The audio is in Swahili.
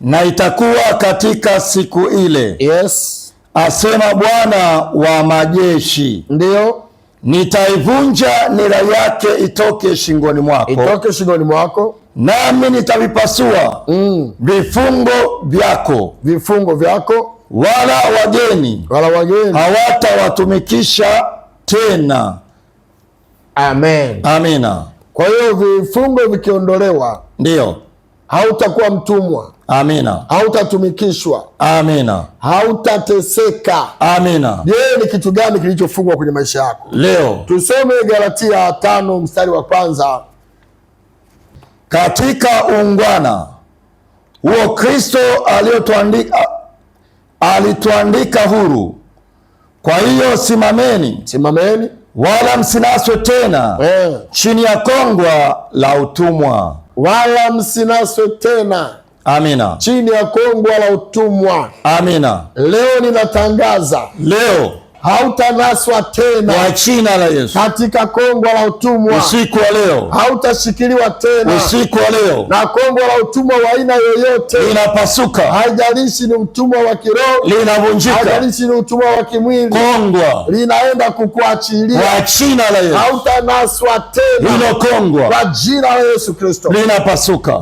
na itakuwa katika siku ile yes. Asema Bwana wa majeshi, ndio nitaivunja nira yake itoke shingoni mwako, itoke shingoni mwako, nami nitavipasua mm. vifungo vyako, vifungo vyako, wala wageni, wala wageni hawatawatumikisha tena. Amen, amina. Kwa hiyo vifungo vikiondolewa, ndio hautakuwa mtumwa amina, hautatumikishwa amina, hautateseka amina. Je, ni kitu gani kilichofungwa kwenye maisha yako leo? Tusome Galatia tano mstari wa kwanza. Katika uungwana huo Kristo alituandika huru. Kwa hiyo simameni, simameni wala msinaswe tena eh, chini ya kongwa la utumwa wala msinaswe tena. Amina. Chini ya kongwa la utumwa. Amina. Leo ninatangaza. Leo hautanaswa tena, kwa jina la Yesu, katika kongwa la utumwa usiku wa leo. Hautashikiliwa tena usiku wa leo na kongwa la utumwa wa aina yoyote. Linapasuka, haijalishi ni utumwa wa kiroho, linavunjika, haijalishi ni utumwa wa kimwili, kongwa linaenda kukuachilia kwa jina la Yesu. Hautanaswa tena, hilo kongwa kwa jina la Yesu Kristo linapasuka.